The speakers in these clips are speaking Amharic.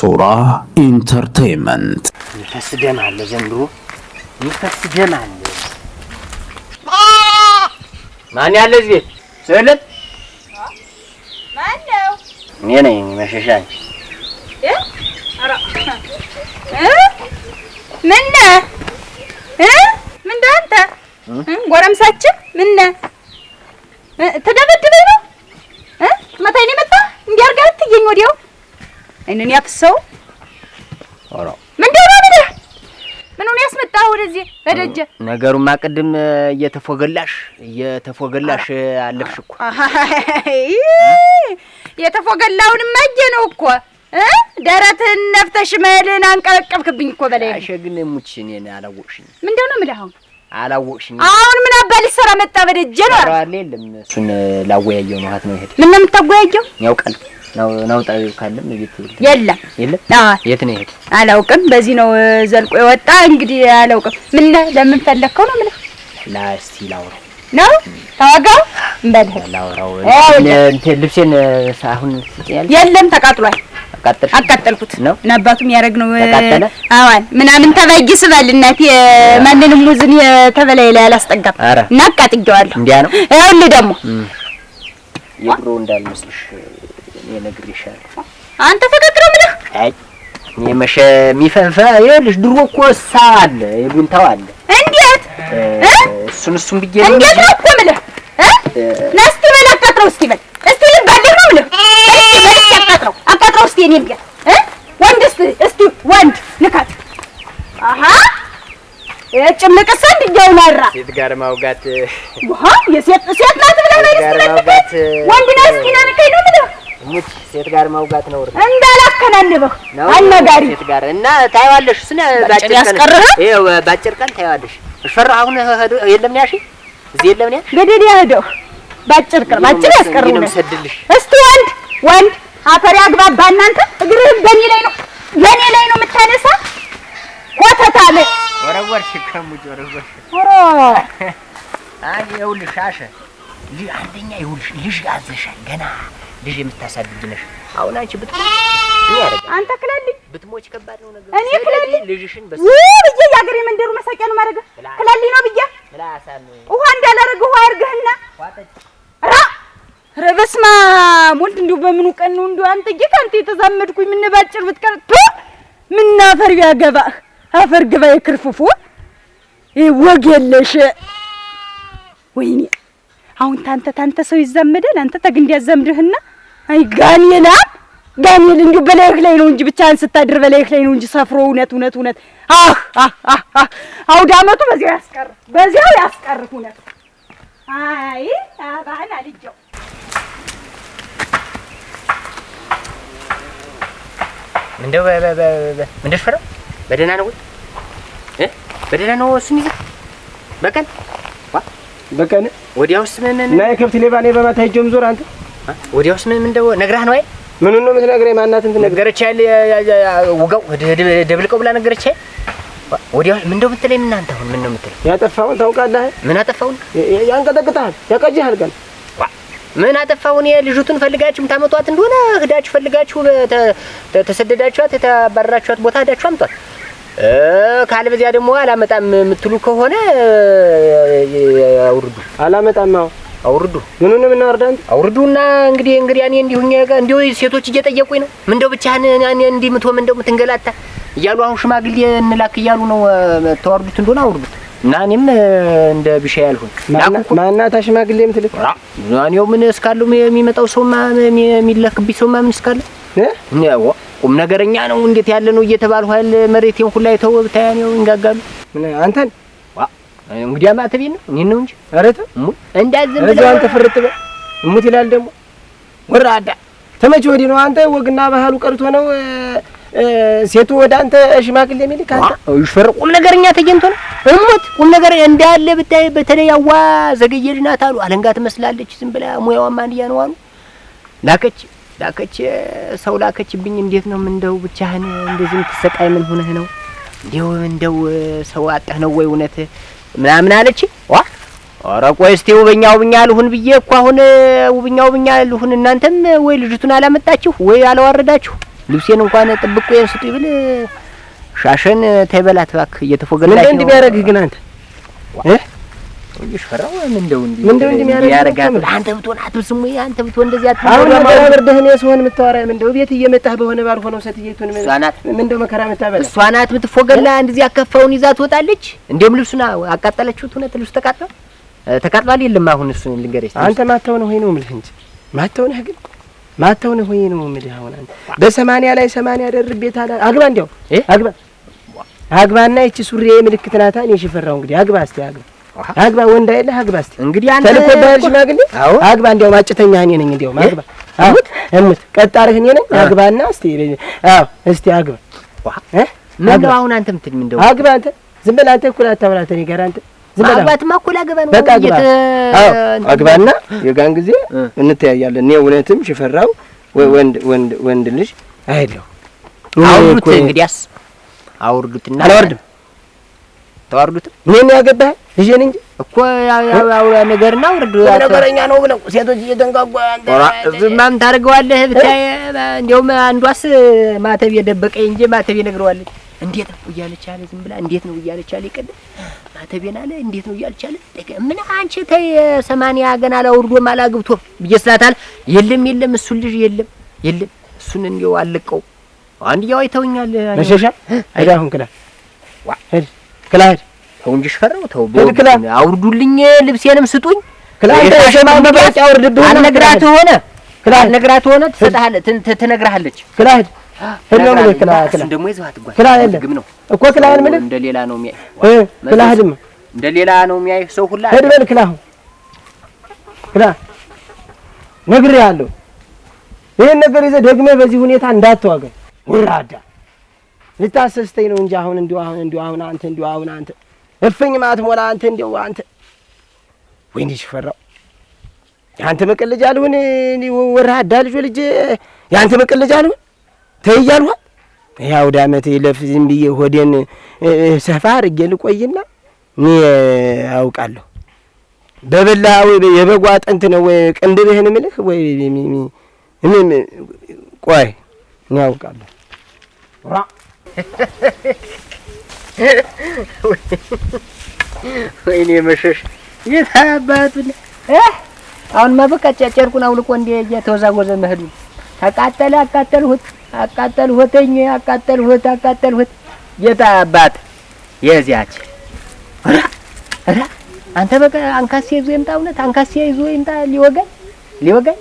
ሶራ ኢንተርቴይመንት የሚፈስ ደም አለ፣ ዘንድሮ የሚፈስ ደም አለ። ማን ያለ እዚህ ቤት ስዕልን? ማነው? እኔ ነኝ መሸሻኝ። ምነህ ምነህ አንተ ጎረምሳችን ምነህ ትደበድበኝ ነው መታኝ ነው የመጣህ አይንን ያፍሰው። ኧረ ምንድን ነው ብለህ ምኑን ያስመጣህ ወደዚህ በደጀ? ነገሩማ ቅድም እየተፎገላሽ እየተፎገላሽ አለፍሽ እኮ። የተፎገላውንማ እጄ ነው እኮ ደረትህን ነፍተሽ መሄድህን አንቀበቀብክብኝ እኮ በላይ። እሺ ግን ሙች እኔን አላወቅሽኝ። ምንድን ነው የምልህ አሁን? አላወቅሽኝ። አሁን ምን አባል ሠራ መጣ በደጀ ነው። ኧረ የለም እሱን ላወያየው ነው። ሀት ነው ይሄድ። ምን ነው የምታወያየው? ያውቃል ነው ነው ጣቢው ካለም እቤት የለም የለም። የት ነው ይሄድ? አላውቅም። በዚህ ነው ዘልቆ የወጣ እንግዲህ አላውቅም። ምን ለምን ፈለግከው ነው? ምን ላስቲ ላውራ ነው ታዋጋው እንበል ላውራው እንት ልብሴን አሁን ስጪያለሽ። የለም ተቃጥሏል። አቃጠልኩት ነው ነባቱም እናባቱም ነው አዋን ምናምን ተባጊ ስበል እናቴ ማንንም ሙዝን የተበላይ ላይ አላስጠጋም እና አቃጥጌዋለሁ። እንዲያ ነው። ይኸውልህ ደግሞ የድሮ እንዳልመስልሽ እነግርሻለሁ። አንተ ፈገግ ነው የምልህ። አይ እኔ መሸ የሚፈንፈ ይኸውልሽ፣ ድሮ እኮ እሳ አለ የጉንታው አለ። እንዴት እሱን እሱን ብዬ እንዴት ነው እኮ የምልህ ነው። እስኪ በል አቃጥረው፣ እስኪ በል እስኪ ልብ ነው የምልህ። እስኪ በል እስኪ አቃጥረው፣ አቃጥረው እስኪ እኔም ቤት ወንድ እስኪ ወንድ ልካት። አሀ ጭምቅስ አንድ እያው ማራ ሴት ጋር ማውጋት ውሀ የሴት ሴት ናት ብለህ ነው እስኪ ወንድ ነው እስኪ ናንከኝ ነው የምልህ ሙች ሴት ጋር መውጋት ነው ወርደ እንዳላከናንበህ አናጋሪ ሴት ጋር እና ታይዋለሽ። ስነ ባጭር ቀን ይኸው ባጭር ቀን ታይዋለሽ። እሽፈራ አሁን ሄዶ የለም ያሺ እዚህ የለም ያ ገደል ያሄደው ባጭር ቀን ባጭር ነው ሰድልሽ እስቲ ወንድ ወንድ አፈር ያግባባ እናንተ እግርህ በኔ ላይ ነው የኔ ላይ ነው የምታነሳ ቆተታለ ወረወርሽ ከሙጭ ወረወርሽ ወራ አይ ይኸውልሽ አሸ አንደኛ ይኸውልሽ ልጅ አዘሻል ገና ልጅ የምታሳድግ ነሽ። አሁን አንቺ ብትሞች አንተ ክላልኝ ብትሞች ከባድ ነው ነገር። እኔ ክላልኝ ልጅሽን በስ ብዬ የአገር መንደሩ መሳቂያ ነው ማድረግ ክላልኝ ነው ብዬ ውሃ እንዳላረግ ውሃ ያርግህና ራ ረበስማ በስመ እንዲሁ በምኑ ቀን ነው እንዲሁ አንተ ጌታ አንተ የተዛመድኩኝ ምን ባጭር ብትቀር ቱ ምን አፈር ያገባህ አፈር ግባ የክርፍፉ ወግ የለሽ ወይኔ። አሁን ታንተ ታንተ ሰው ይዛመዳል። አንተ ተግ እንዲያዛምድህና አይ ጋኔላ ጋኔል እንዲሁ በላይህ ላይ ነው እንጂ ብቻህን ስታድር በላይህ ላይ ነው እንጂ ሰፍሮ እውነት እውነት እውነት አህ አህ አህ አውደ ዓመቱ በዚያው ያስቀር በዚያው ያስቀር እውነት አይ አባህን አልጀው እንደው እንደሽ ፈረው በደህና ነው ወይ እ በደህና ነው እሱን ይዘህ በቀን ዋ በቀን ወዲያውስ ምን ነህ የከብት ሌባ እኔ በማታ ሂጅም ዞር አንተ ወዲያውስ ምን እንደው ነግራህ ነው? አይ ምን ነው የምትነግረኝ? ማናትን ትነገረች? ያለ ውጋው ደብልቀው ብላ ነገረች። አይ ወዲያውስ ምን እንደው ብትለኝ ምን አንተ አሁን ምን ነው የምትለኝ? ያጠፋውን ታውቃለህ? ምን አጠፋውን? ያንቀጠቅጥሃል፣ ያቀጅሃል ገና ምን አጠፋውን? ልጅቱን ፈልጋችሁ ታመጧት እንደሆነ ህዳችሁ ፈልጋችሁ ተሰደዳችኋት፣ የተባረራችኋት ቦታ ህዳችሁ አምጧት። ካልበዚያ ደግሞ አላመጣም የምትሉ ከሆነ አውርዱ። አላመጣም አሁን አውርዱ። ምኑን የምናወርዳ? አውርዱና እንግዲህ እንግዲህ እኔ እንዲሁ እኛ ጋር እንዲሁ ሴቶች እየጠየቁኝ ነው። ምን ምንደው ብቻህን እንዲህ ምን ምንደው ምትንገላታ እያሉ አሁን ሽማግሌ እንላክ እያሉ ነው። ተዋርዱት እንደሆነ አውርዱት እና እኔም እንደ ብሻ ያልሆን ማናታ ሽማግሌ የምትልክ እኔው ምን እስካለው የሚመጣው ሰውማ የሚለክብኝ ሰውማ ምን እስካለ ቁም ነገረኛ ነው እንዴት ያለ ነው እየተባልኋል። መሬቴን ሁላ የተወብታያ ነው ይንጋጋሉ አንተን እንግዲህ ማተቤን ነው እኔን ነው እንጂ አረተ እሙት እንዳዝም ብለህ አንተ ፍርጥ በል እሙት ይላል ደግሞ ወራዳ ተመች ወዲህ ነው አንተ ወግና ባህሉ ቀርቶ ነው ሴቱ ወደ አንተ ሽማግሌ የሚልክ አንተ ይሽፈር ቁም ነገርኛ ተገኝቶ ነው እሙት ቁም ነገር እንዳለ ብታይ በተለይ አዋ ዘገየ ልናት አሉ አለንጋ ትመስላለች ዝም ብላ ሙያዋ ማንዲያ ነው አሉ ላከች ላከች ሰው ላከችብኝ እንዴት ነው ምንደው ብቻህን እንደዚህ የምትሰቃይ ምን ሆነህ ነው እንደው እንደው ሰው አጣህ ነው ወይ እውነት ምናምን አለች። ኧረ ቆይ እስቴ ውብኛ ውብኛ ልሁን ብዬ እኮ አሁን ውብኛ ውብኛ ልሁን። እናንተም ወይ ልጅቱን አላመጣችሁ ወይ አላዋረዳችሁ። ልብሴን እንኳን ጥብቅ ወይን ስጡ ይብል ሻሸን ተይበላት እባክህ እየተፎገላችሁ። ምንድን ነው የሚያደርግህ ግን አንተ እየሽፈራው ምንድነው እንዴ? ምንድነው እንዴ አንተ ብትሆን አትብስም ወይ? አንተ ብትሆን እንደዚህ አትሆን። አሁን መከራ ብርድህ ነው ስሆን ምንድነው? ቤት እየመጣህ በሆነ ባልሆነው ሴትዮቱን እሷ ናት። ምንድነው መከራ የምታበላ እሷ ናት የምትፎገላ። እንደዚህ አካፋውን ይዛ ትወጣለች። እንደውም ልብሱን አቃጠለችሁት። እውነት ልብሱ ተቃጥሏል፣ ተቃጥሏል። የለም አሁን እሱን ልንገርሽ። አንተ ማተውነህ ሆይ ነው የምልህ እንጂ ማተውነህ ግን ማተውነህ ሆይ ነው የምልህ። አሁን አንተ በሰማንያ ላይ ሰማንያ ደርብ ቤት አላ አግባ፣ እንዲያው አግባ፣ አግባና ይቺ ሱሪዬ ምልክት ናታ። እኔ ሽፈራው እንግዲህ አግባ፣ እስቲ አግባ አግባ ወንድ አይደለህ? አግባ እስኪ እንግዲህ አንተ ተልኮ ባህል ሽማግሌ አግባ። እንዲያውም ማጭተኛ እኔ ነኝ። እንዲያውም አግባ። አሁን እምት ቀጣርህ እኔ ነኝ። አግባና እስቲ አዎ፣ እስቲ አግባ። ነው አሁን አንተ የምትል ምን? እንደው አግባ አንተ ዝም በል አንተ። እኩል አታብላት እኔ ጋር አንተ ዝም በል። አግባትማ እኩል አገባ አዎ አግባና የጋን ጊዜ እንተያያለን። እኔ እውነትም ሽፈራው ወንድ ወንድ ወንድ ልጅ አይደለሁ። አውርዱት እንግዲያስ፣ አውርዱትና አላወርድም ተዋርዱትም ምን ያገባህ ልጄን እንጂ እኮ ነገርና ውርድ ነገረኛ ነው ብለው ሴቶች እየተንጋጓ ዝማም ታደርገዋለህ። ብቻ እንዲያውም አንዷስ ማተብ የደበቀኝ እንጂ ማተብ ነግረዋለች። እንዴት ነው እያለች አለ ዝም ብላ እንዴት ነው እያለች አለ ይቀድም ማተቤን አለ እንዴት ነው እያለች አለ ምን አንቺ ተይ ሰማንያ ገና አላውርዶም አላግብቶም ብዬ ስላታል የለም የለም እሱን ልጅ የለም የለም እሱን እንዲያው አልቀው አንድ ያው አይተውኛል። መሸሻ አይዳሁን ክላ ዋ ክላድ ተው እንጂ ሽፈራው ተው። አውርዱልኝ፣ ልብሴንም ስጡኝ። ክላድ ሸማ መባጫ አውርድብህ። አልነግራት ሆነ ክላድ ነግራት ሆነ ትሰጥሃለች፣ ትነግርሃለች። ክላድ እንደው ምን ክላድ ደግሞ ይዘሃት ጓል ግም ነው እኮ ክላድ ምን እንደ ሌላ ነው የሚያይ እ ክላድም እንደ ሌላ ነው የሚያይ ሰው ሁላ ሂድ በል ክላድ ክላድ ነግሬሃለሁ። ይሄን ነገር ይዘህ ደግመህ በዚህ ሁኔታ እንዳትዋገ ወራዳ ልታሰስተኝ ነው እንጂ አሁን እንዲሁ አሁን እንዲሁ አሁን አንተ እንዲሁ አሁን አንተ እፍኝ ማት ሞላ አንተ እንዲሁ አንተ ወይኔ ሽፈራው የአንተ መቀለጃ አልሆን ወራዳ ልጆ ልጅ የአንተ መቀለጃ አልሆን ተይ እያልኋል ይህ አውደ ዝም ብዬ ሆዴን ሰፋ አድርጌ ልቆይና እኔ አውቃለሁ በበላ የበጓ አጥንት ነው ወይ ቅንድብህን ምልህ ወይ ቆይ እኔ አውቃለሁ ወይኔ መሸሽ የት አባቱን አሁንማ በቃ ጨርቁን አውልቆ እንደ እየተወዛወዘ መሄዱ ተቃጠለ። አቃጠልሁት አቃጠልሁትኝ አቃጠልሁት አቃጠልሁት የት አባት የዚያች አንተ በቃ አንካሴ ይዞ ይምጣ፣ እውነት አንካሴ ይዞ ይምጣ። ሊወጋኝ ሊወጋኝ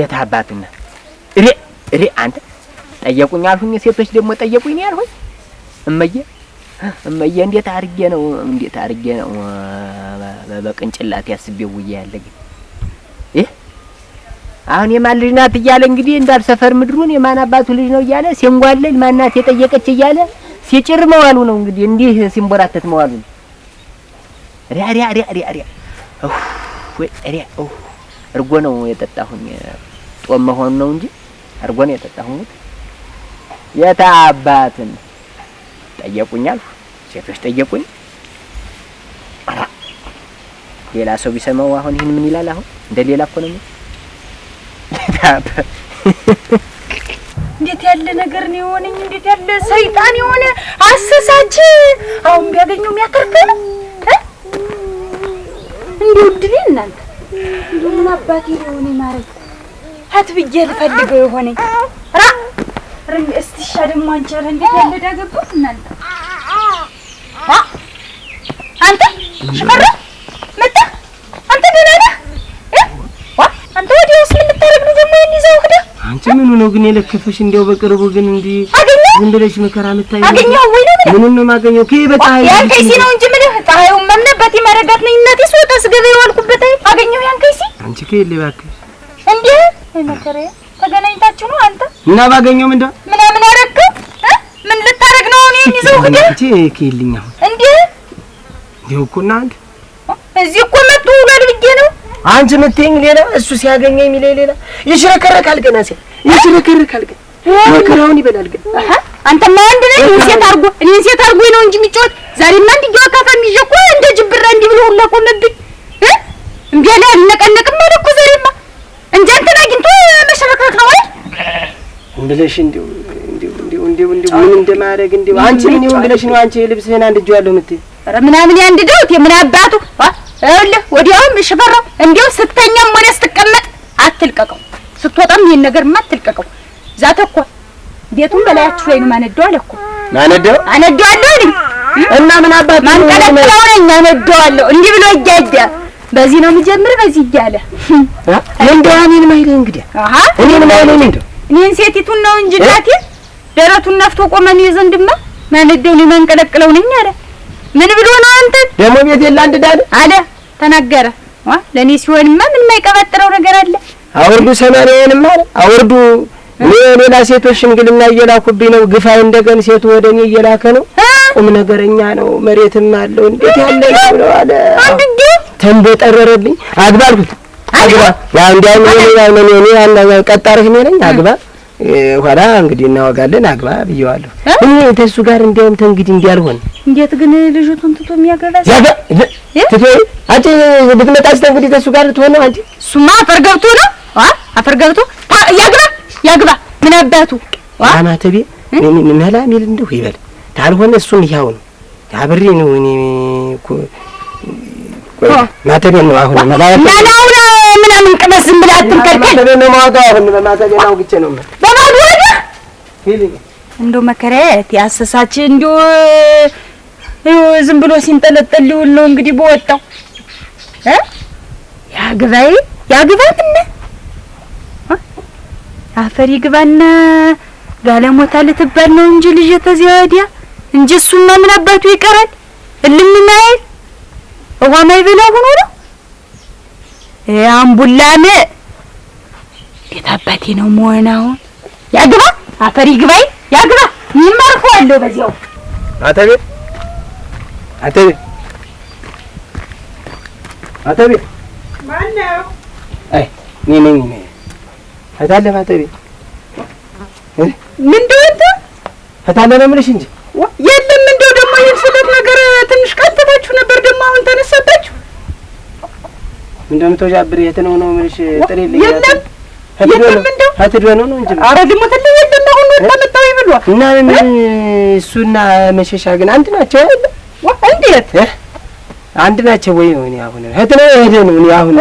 የት አባቱና እሬ እሬ አንተ ጠየቁኝ አልሁኝ። ሴቶች ደግሞ ጠየቁኝ አልሁኝ ያልሁኝ። እመየ እንዴት አድርጌ ነው እንዴት አድርጌ ነው በቅንጭላት ያስቤው ውዬ ያለ ግን ይህ አሁን የማን ልጅ ናት እያለ እንግዲህ እንዳል ሰፈር ምድሩን የማን አባቱ ልጅ ነው እያለ ሲንጓለል ማናት የጠየቀች እያለ ሲጭር መዋሉ ነው እንግዲህ እንዲህ ሲንቦራተት መዋሉ ነው። ሪያ ሪያ ሪያ ሪያ ሪያ ሪያ እርጎ ነው የጠጣሁኝ። ጦም መሆኑ ነው እንጂ እርጎ ነው የጠጣሁኝ። የታ አባትን ጠየቁኝ አልኩ። ሴቶች ጠየቁኝ። ሌላ ሰው ቢሰማው አሁን ይህን ምን ይላል? አሁን እንደ ሌላ እኮ ነው። እንዴት ያለ ነገር ነው የሆነኝ! እንዴት ያለ ሰይጣን የሆነ አሰሳች! አሁን ቢያገኘው የሚያከርክር እንዲሁ ድሌ እናንተ እንዲሁ ምን አባቴ የሆነ ማረኝ ሀት ልፈልገው የሆነኝ እስቲ እሺ፣ ደግሞ አንቺ ኧረ እንዴት ያለ ዕዳ እናንተ አንተ ሽፈራ መጣ አንተ ደህና ነህ? አንተ ወዲያውስ ምን ልታረግ ነው ደግሞ ይሄን ይዘው ክዳ? አንቺ ምኑ ነው ግን የለከፈሽ? እንዲያው በቅርቡ ግን እንዲህ ዝም ብለሽ መከራ የምታይው አገኘኸው ወይ ነው ምንም ነው የማገኘው ከበጣይ ያን ከይሲ ነው እንጂ ምልህ ፀሐዩን መምነበት የመረዳት ነኝ እናቴ ስወጣ ስገባ የዋልኩበት አገኘሁ ያን አንቺ ከየለ እባክሽ እንዴ መከራዬ ተገናኝታችሁ ነው አንተ እና ባገኘው ምንድን ነው ምናምን አደረክ? ምን ልታደርግ ነው? እኔን ይዘው ግዴ እቺ ከይልኛ እንዴ ይኸው እኮ እናንተ እዚህ እኮ መጡ በል ብዬ ነው። አንቺ የምትይኝ ሌላ፣ እሱ ሲያገኘኝ የሚለኝ ሌላ። ይሽረከረካል ገና ሲል ይሽረከረካል ገና መከራውን ይበላል ገና። አንተማ አንድ ነህ። እኔን ሴት አድርጎ እኔን ሴት አድርጎ ነው እንጂ የሚጫወት ዛሬማ እንዲያው አካፋም ይዤ እኮ እንደ ጅብራ እንዲህ ብሎ ሁላ ቆመብኝ። እምቢ አለ አልነቀነቅም አለ እኮ ዛሬማ እንጃ መሸረክረክ ነው ወይ ብለሽ እንዲሁ እንዲሁ እንዲሁ ምን እንደማደርግ እንዲሁ አንቺ ምን ይሁን ብለሽ ነው አንቺ ልብስህን አንድጄ ያለሁ የምትይ? ኧረ ምናምን ያንድደውት የምን አባቱ ይኸውልህ፣ ወዲያውም ሽፈራው እንዲሁ ስተኛም ሆነ ስትቀመጥ አትልቀቀው፣ ስትወጣም ይሄን ነገርማ አትልቀቀው። ዛት እኮ ቤቱን በላያችሁ ላይ ነው ማነደው አለ እኮ ማነደው አነደዋለሁ እና ምን አባቱ ማንቀለቅለውን አነደዋለሁ እንዲህ ብሎ እጃጃ በዚህ ነው የምጀምር በዚህ እያለ እንደው እኔን ማይል እንግዲህ እኔን ማይል እንደው እኔን ሴቲቱን ነው እንጂ እናቴ ደረቱን ነፍቶ ቆመን የዘንድማ ማን እንደው ሊመንቀለቅለው ነኝ አለ። ምን ብሎ ነው አንተ ደግሞ ቤት የለ አንድ ዳል አለ ተናገረ። ዋ ለእኔ ሲሆንማ ምን የማይቀባጥረው ነገር አለ? አውርዱ ሰማንያዬንማ አለ አውርዱ። እኔ ሌላ ሴቶች ሽምግልና እየላኩብኝ ነው ግፋይ እንደገን ሴቱ ወደ እኔ እየላከ ነው ቁም ነገረኛ ነው። መሬትም አለው። እንዴት ያለ ነው አለ። ተንበጠረረብኝ። አግባ አልኩት። አግባ ያው እንዲያውም እኔ ነው እኔ ቀጣሪህ እኔ ነኝ። አግባ ኋላ እንግዲህ እናወጋለን። አግባ ብየዋለሁ። እኔ ተሱ ጋር እንዲያውም ተንግዲህ እንዲያልሆን እንዴት ግን ልጅቱን ትቶ የሚያገባ ያገ ትቶ አንቺ ብትመጣ ስተንግዲህ ተሱ ጋር ልትሆን ነው አንቺ። እሱማ አፈር ገብቶ ነው አፈር ገብቶ ያግባ ያግባ ምን አባቱ አማተቤ ምን መላ ሚል እንደው ይበል ካልሆነ እሱም ይኸው ነው አብሬ ነው እኔ ማተቤን ነው አሁን መላው ምናምን ቅመስ ዝም ብለህ አትንከልከል ነው ማወጣው አሁን በማተቤን አውግቼ ነው በማድ ወደ እንደው መከራዬ ያሰሳች እንደው ዝም ብሎ ሲንጠለጠል ሊውል ነው እንግዲህ በወጣው እ ያግባይ ያግባይ ምን አፈሪ ግባና ጋለሞታ ልትባል ነው እንጂ ልጅ ተዚያ ወዲያ እንጂ እሱማ ምን አባቱ ይቀራል? እልም ማይል ውሃ ማይበላ ሆኖ ነው። አምቡላም እንዴት አባቴ ነው መሆን? አሁን ያግባ፣ አፈር ይግባይ፣ ያግባ። ምንም አርፎ አለው በዚያው አተቤ አተቤ አተቤ ነው? አይ ነኝ ነኝ ነኝ አታለፈ አተቤ ምንድን ነው የምልሽ እንጂ ነበር ደግሞ አሁን ተነሳባችሁ። እንደምትወዣብር የት ነው ነው የምልሽ? ጥሪ ልኝ የለም የለም አትዶ ነው ነው እንጂ አረ ደግሞ ትልይ የለም አሁን ወጣ ተመጣው ይብሏ እና ምን እሱና መሸሻ ግን አንድ ናቸው አይደል? እንዴት አንድ ናቸው ወይ ነው? እኔ አሁን እህት ነው እህት ነው እኔ አሁን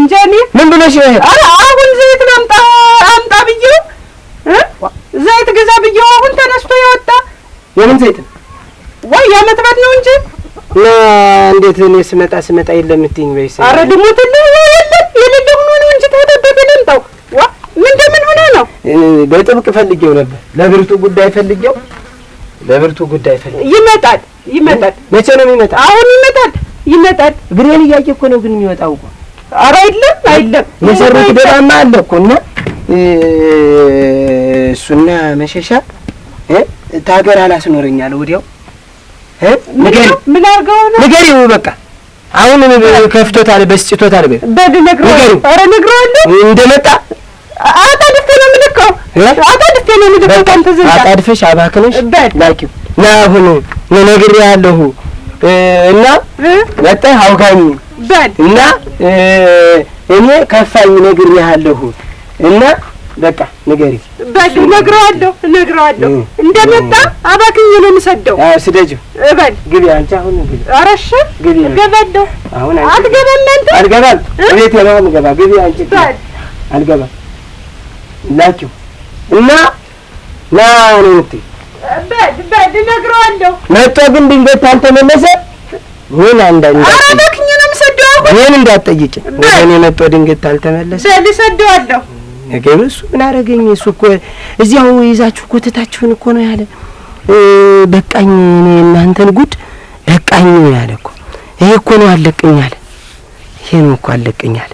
እንጃ እኔ ምን ብለሽ ነው? አረ አሁን ዘይት አምጣ አምጣ ብዬው ዘይት ግዛ ብዬው አሁን ተነስቶ የወጣ የምን ዘይት ነው ወይ? የዓመት በዓል ነው እንጂ እና እንዴት እኔ ስመጣ ስመጣ የለም እትይኝ በይስ። ኧረ ደግሞ ትልህ የሌለ ሆኖ ነው እንጂ ተወደበት ዋ ምን ደምን ሆነ ነው። በጥብቅ ፈልጌው ነበር፣ ለብርቱ ጉዳይ ፈልጌው፣ ለብርቱ ጉዳይ ፈልጌው። ይመጣል ይመጣል። መቼ ነው የሚመጣ? አሁን ይመጣል ይመጣል። ግሬን እያየ እኮ ነው ግን የሚወጣው እኮ። ኧረ አይደለም አይደለም፣ የሰሩት ደባማ አለ እኮ እና እሱና መሸሻ ታገር አላስኖረኛል ወዲያው ንገሪው። በቃ አሁን ከፍቶታል፣ በስጭቶታል። በይ በል እነግረዋለሁ። ኧረ እነግረዋለሁ እንደመጣ አጣድፌ ነው የምልከው። አጣድፌ ነው የምልከው። አንተ ዝም ብለህ አጣድፈሽ አባክነሽ ላኪው እና አሁን እነግርሃለሁ እና መጣህ አውጋኝ እና እኔ ከፋኝ እነግርሃለሁ እና በቃ ንገሪ። በል እነግረዋለሁ፣ እነግረዋለሁ። እንደመጣ አባክኝ ነው የምሰደው። ስደጂው እበል ግቢ። አንቺ አሁን ግቢ። ኧረ እሺ ግቢ። እገባለሁ። አሁን አትገባም አንተ። አልገባም። እቤት ነው የምገባ። ግቢ አንቺ። በል አልገባም ላችሁ እና ና ነው እንትን በል በል እነግረዋለሁ። መጥቶ ግን ድንገት ካልተመለሰ ምን አንዳንድ አባክኝ ነው የምሰደው። አሁን ምን እንዳትጠይቂኝ። እኔ መጥቶ ድንገት ካልተመለሰ በል እሰደዋለሁ። ነገር እሱ ምን አረገኝ? እሱ እኮ እዚያው ይዛችሁ ኮተታችሁን እኮ ነው ያለ። በቃኝ እኔ እናንተን ጉድ በቃኝ ነው ያለ እኮ። ይሄ እኮ ነው አለቅኝ አለ። ይሄ ነው እኮ አለቅኝ አለ።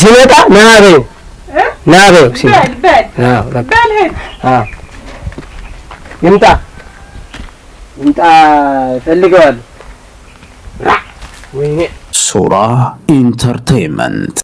ሲመጣ ና በይው ና በይው ሲመጣ ይምጣ ይምጣ እፈልገዋለሁ። ወይኔ ሱራ ኢንተርቴይንመንት